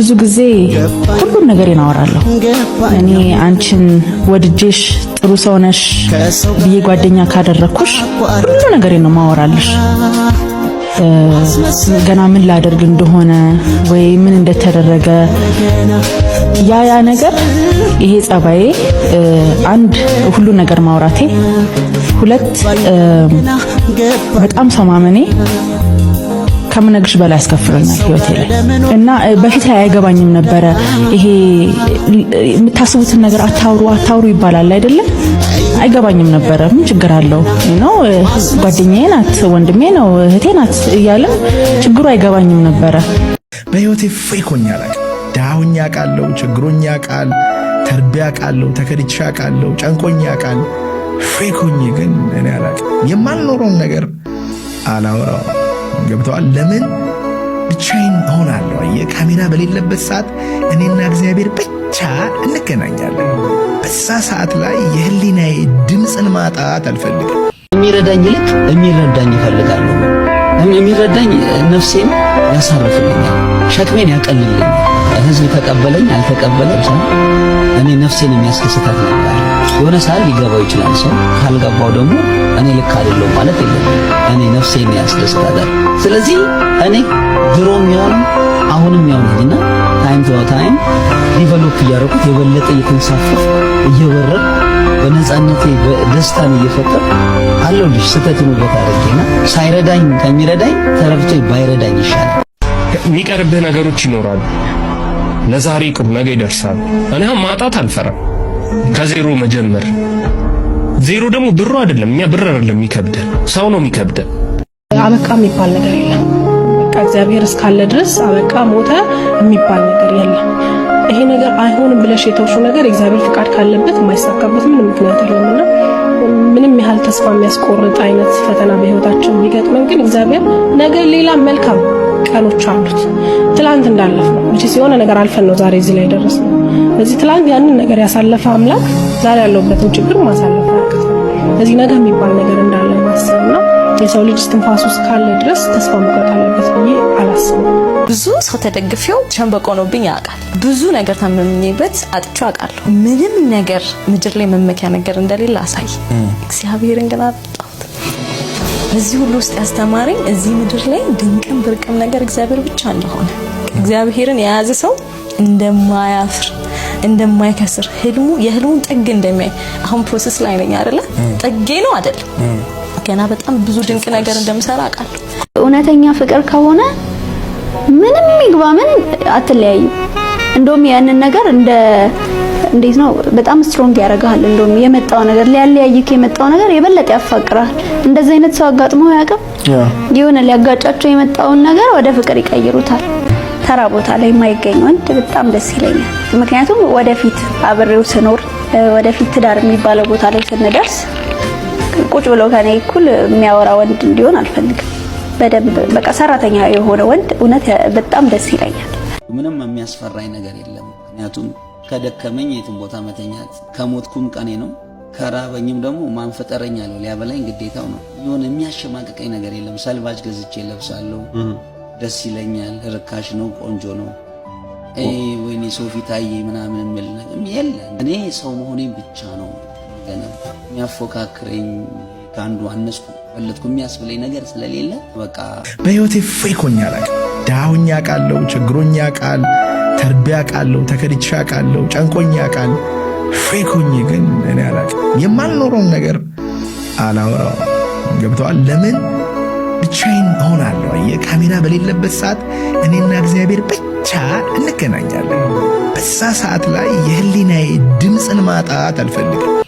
ብዙ ጊዜ ሁሉም ነገር ይናወራለሁ። እኔ አንቺን ወድጄሽ ጥሩ ሰው ነሽ ብዬ ጓደኛ ካደረኩሽ ሁሉ ነገር ነው ማወራልሽ ገና ምን ላደርግ እንደሆነ ወይ ምን እንደተደረገ ያ ያ ነገር ይሄ ጸባዬ፣ አንድ ሁሉ ነገር ማውራቴ፣ ሁለት በጣም ሰው ማመኔ ከምነግርሽ በላይ ያስከፍለኛል ህይወቴ ላይ እና በፊት ላይ አይገባኝም ነበረ። ይሄ የምታስቡትን ነገር አታውሩ አታውሩ ይባላል አይደለም። አይገባኝም ነበረ። ምን ችግር አለው ነው ጓደኛዬ ናት፣ ወንድሜ ነው፣ እህቴ ናት እያለ ችግሩ አይገባኝም ነበረ። በህይወቴ ፌኮኛ ላይ ዳሁኛ ቃለው ችግሮኛ ቃል ተርቢያ ቃለው ተከድቻ ቃለው ጨንቆኛ ቃል ፌኮኝ ግን እኔ አላቅም የማልኖረውን ነገር አላወራው ገብተዋል። ለምን ብቻዬን እሆናለሁ? አየህ፣ ካሜራ በሌለበት ሰዓት እኔና እግዚአብሔር ብቻ እንገናኛለን። በዛ ሰዓት ላይ የህሊናዬ ድምፅን ማጣት አልፈልግም። የሚረዳኝ ይልቅ የሚረዳኝ ይፈልጋሉ። የሚረዳኝ ነፍሴን ያሳርፍልኛል፣ ሸክሜን ያቀልልኛል። ህዝብ ተቀበለኝ አልተቀበለም ሰው እኔ ነፍሴን የሚያስደስታት ነበር። የሆነ ሰዓት ሊገባው ይችላል ሰው ካልገባው ደግሞ እኔ ልክ አይደለም ነፍሴን ያስደስታል። ስለዚህ እኔ ድሮም ያው አሁንም ያው ነኝና ታይም ቱ ታይም ዲቨሎፕ እያደረኩት የበለጠ እየተንሳፈፍ እየበረር በነፃነቴ ደስታን እየፈጠር አለው ልጅ ስተት ውበት አድርጌና ሳይረዳኝ ከሚረዳኝ ተረድቶ ባይረዳኝ ይሻላል። የሚቀርብህ ነገሮች ይኖራሉ። ለዛሬ ቁም ነገ ይደርሳል። እኔ ማጣት አልፈራም። ከዜሮ መጀመር ዜሮ ደግሞ ብሩ አይደለም። እኛ ብር አይደለም የሚከብደን ሰው ነው የሚከብደን። አበቃ የሚባል ነገር የለም። በቃ እግዚአብሔር እስካለ ድረስ አበቃ ሞተ የሚባል ነገር የለም። ይሄ ነገር አይሆንም ብለሽ የተውሽው ነገር እግዚአብሔር ፍቃድ ካለበት የማይሳካበት ምንም ምክንያት የለምና ምንም ያህል ተስፋ የሚያስቆርጥ አይነት ፈተና በህይወታችን ቢገጥመን ግን እግዚአብሔር ነገ ሌላ መልካም ቀኖች አሉት። ትላንት እንዳለፍ ነው እንጂ የሆነ ነገር አልፈን ነው ዛሬ እዚህ ላይ ደረስ ነው። በዚህ ትላንት ያንን ነገር ያሳለፈ አምላክ ዛሬ ያለውበትን ችግር ማሳለፍ ነው። እዚህ ነገ የሚባል ነገር እንዳለ የሰው ልጅ ትንፋስ ውስጥ ካለ ድረስ ተስፋ መቁረጥ አለበት ብዬ አላስብም። ብዙ ሰው ተደግፌው ሸንበቆ ኖብኝ ያውቃል። ብዙ ነገር ታምኜበት አጥቾ አውቃለሁ። ምንም ነገር ምድር ላይ መመኪያ ነገር እንደሌለ አሳይ እግዚአብሔርን ግን አጣሁት። በዚህ ሁሉ ውስጥ ያስተማረኝ እዚህ ምድር ላይ ድንቅም ብርቅም ነገር እግዚአብሔር ብቻ እንደሆነ እግዚአብሔርን የያዘ ሰው እንደማያፍር እንደማይከስር ህልሙ የህልሙን ጥግ እንደሚያይ አሁን ፕሮሰስ ላይ ነኝ አይደለ? ጥጌ ነው አይደለም ገና በጣም ብዙ ድንቅ ነገር እንደምሰራ አውቃለሁ። እውነተኛ ፍቅር ከሆነ ምንም ይግባ ምን አትለያዩ። እንደውም ያንን ነገር እንደ እንዴት ነው በጣም ስትሮንግ ያደርግሃል። እንደውም የመጣው ነገር ሊያለያይክ የመጣው ነገር የበለጠ ያፋቅራል። እንደዚህ አይነት ሰው አጋጥሞ ያውቅም? የሆነ ሊያጋጫቸው የመጣውን ነገር ወደ ፍቅር ይቀይሩታል። ተራ ቦታ ላይ የማይገኝ ወንድ በጣም ደስ ይለኛል። ምክንያቱም ወደፊት አብሬው ስኖር ወደፊት ትዳር የሚባለው ቦታ ላይ ስንደርስ ቁጭ ብሎ ከኔ እኩል የሚያወራ ወንድ እንዲሆን አልፈልግም። በደንብ በቃ ሰራተኛ የሆነ ወንድ እውነት በጣም ደስ ይለኛል። ምንም የሚያስፈራኝ ነገር የለም። ምክንያቱም ከደከመኝ የትም ቦታ መተኛት፣ ከሞትኩም ቀኔ ነው፣ ከራበኝም ደግሞ ማንፈጠረኝ አለ ሊያበላኝ ግዴታው ነው። የሆነ የሚያሸማቅቀኝ ነገር የለም። ሰልባጅ ገዝቼ ለብሳለሁ፣ ደስ ይለኛል። ርካሽ ነው፣ ቆንጆ ነው። ወይኔ ሶፊ ታዬ ምናምን የምል የለ። እኔ ሰው መሆኔ ብቻ ነው ነው የሚያፎካክረኝ ከአንዱ አነስኩ በለጥኩ የሚያስብለኝ ነገር ስለሌለ በቃ በህይወቴ ፌክ አላቅ አላውቅም። ድሃ ሆኜ አውቃለሁ፣ ችግሮኝ አውቃል፣ ተርቤ አውቃለሁ፣ ተከድቼ አውቃለሁ፣ ጨንቆኝ አውቃለሁ። ፌክ ግን እኔ አላቅ የማልኖረውን ነገር አላወራው ገብተዋል። ለምን ብቻዬን እሆናለሁ? የካሜራ በሌለበት ሰዓት እኔና እግዚአብሔር ብቻ እንገናኛለን። በዛ ሰዓት ላይ የህሊናዬ ድምፅን ማጣት አልፈልግም።